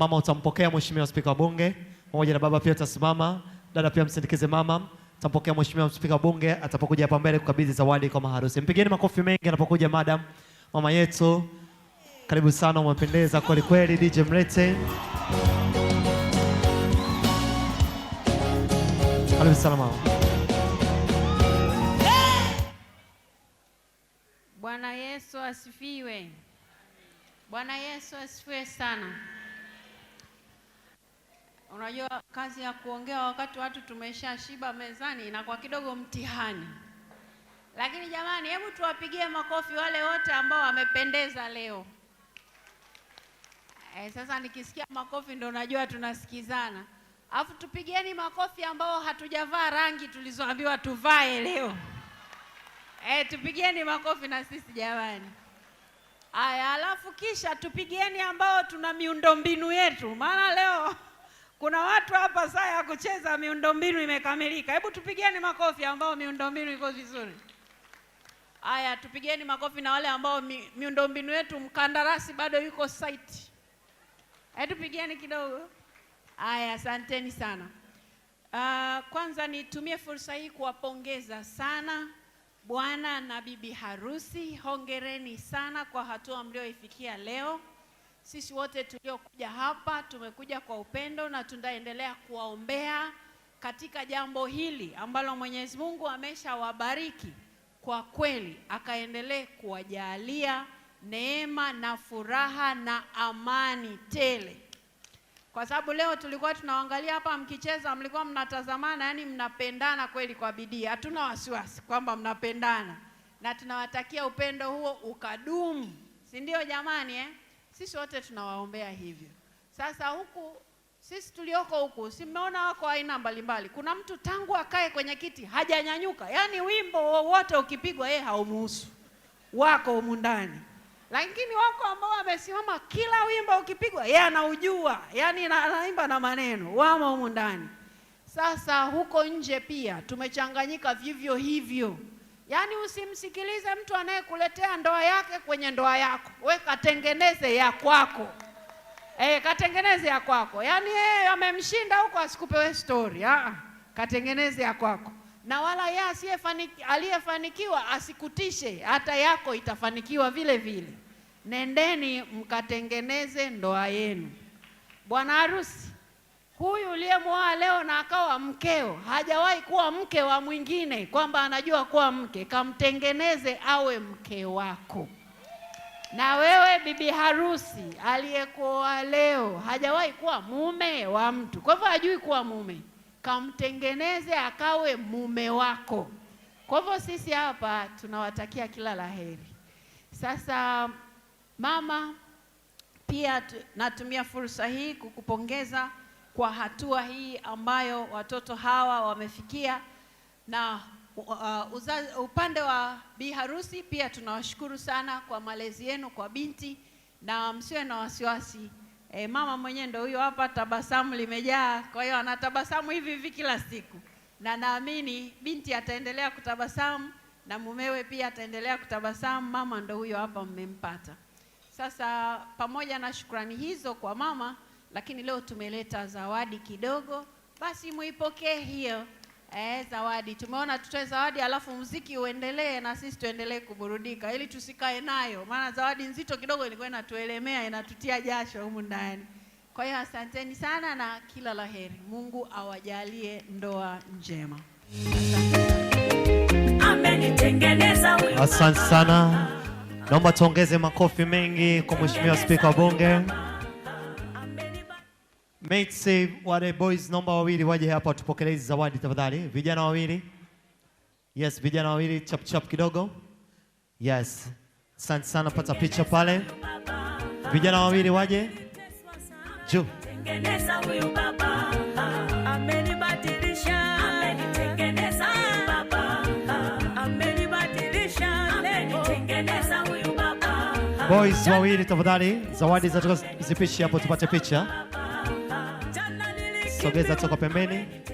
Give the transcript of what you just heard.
Mama utampokea mheshimiwa spika wa bunge pamoja na baba pia utasimama, dada pia msindikize mama. Utampokea mheshimiwa spika wa bunge atapokuja hapa mbele kukabidhi zawadi kwa maharusi. Mpigeni makofi mengi anapokuja madam, mama yetu. Karibu sana, umependeza kweli kweli, DJ Mlete. Karibu sana mama. Bwana Yesu asifiwe. Bwana Yesu asifiwe sana. Unajua, kazi ya kuongea wakati watu tumeshashiba mezani inakuwa kidogo mtihani, lakini jamani, hebu tuwapigie makofi wale wote ambao wamependeza leo. E, sasa nikisikia makofi ndo najua tunasikizana. Alafu tupigieni makofi ambao hatujavaa rangi tulizoambiwa tuvae leo. Eh, tupigieni makofi na sisi jamani. aya alafu kisha tupigieni ambao tuna miundombinu yetu, maana leo kuna watu hapa saa ya kucheza miundombinu imekamilika. Hebu tupigieni makofi ambao miundombinu iko vizuri. Haya, tupigieni makofi na wale ambao mi, miundombinu yetu mkandarasi bado yuko site. Hebu tupigieni kidogo. Haya, asanteni sana. Uh, kwanza nitumie fursa hii kuwapongeza sana bwana na bibi harusi. Hongereni sana kwa hatua mlioifikia leo. Sisi wote tuliokuja hapa tumekuja kwa upendo na tunaendelea kuwaombea katika jambo hili ambalo Mwenyezi Mungu ameshawabariki kwa kweli, akaendelee kuwajalia neema na furaha na amani tele, kwa sababu leo tulikuwa tunaangalia hapa, mkicheza mlikuwa mnatazamana, yani mnapendana kweli kwa bidii. Hatuna wasiwasi kwamba mnapendana, na tunawatakia upendo huo ukadumu, si ndio jamani eh? Sisi wote tunawaombea hivyo. Sasa huku sisi tulioko huku, simeona wako aina mbalimbali. Kuna mtu tangu akae kwenye kiti hajanyanyuka, yaani wimbo wowote ukipigwa yeye haumuhusu, wako humu ndani. Lakini wako ambao wamesimama, kila wimbo ukipigwa yeye anaujua, yaani anaimba na maneno, wamo humu ndani. Sasa huko nje pia tumechanganyika vivyo hivyo. Yaani usimsikilize mtu anayekuletea ndoa yake kwenye ndoa yako, we katengeneze ya kwako. Eh, katengeneze ya kwako. Yaani yeye amemshinda huko, asikupe we story. Ah, katengeneze ya kwako, na wala yeye asiyefaniki aliyefanikiwa asikutishe, hata yako itafanikiwa vile vile. Nendeni mkatengeneze ndoa yenu, bwana harusi huyu uliyemwoa leo na akawa mkeo, hajawahi kuwa mke wa mwingine, kwamba anajua kuwa mke. Kamtengeneze awe mke wako. Na wewe bibi harusi aliyekuoa leo hajawahi kuwa mume wa mtu, kwa hivyo hajui kuwa mume. Kamtengeneze akawe mume wako. Kwa hivyo sisi hapa tunawatakia kila la heri. Sasa mama, pia natumia fursa hii kukupongeza kwa hatua hii ambayo watoto hawa wamefikia na uh, uza, upande wa bi harusi pia tunawashukuru sana kwa malezi yenu kwa binti, na msiwe na wasiwasi e, mama mwenyewe ndio huyo hapa, tabasamu limejaa. Kwa hiyo anatabasamu hivi hivi kila siku, na naamini binti ataendelea kutabasamu na mumewe pia ataendelea kutabasamu. Mama ndio huyo hapa mmempata sasa. Pamoja na shukrani hizo kwa mama lakini leo tumeleta zawadi kidogo, basi muipokee hiyo eh, zawadi. Tumeona tutoe zawadi alafu muziki uendelee na sisi tuendelee kuburudika, ili tusikae nayo, maana zawadi nzito kidogo ilikuwa inatuelemea, inatutia jasho humu ndani. Kwa hiyo asanteni sana na kila la heri. Mungu awajalie ndoa njema. Asante sana, naomba tuongeze makofi mengi kwa Mheshimiwa Spika wa Bunge. Mates wale boys namba wawili waje hapa tupokelee zawadi tafadhali. Vijana wawili. Yes, vijana wawili chap chap kidogo. Yes. Asante sana, pata picha pale. Vijana wawili waje. Juu. Tengeneza huyu baba. Amenibadilisha. Amenitengeneza huyu baba. Amenibadilisha. Amenitengeneza huyu baba. Boys wawili tafadhali, zawadi zatoka zipishi hapo tupate picha sogeza toka pembeni.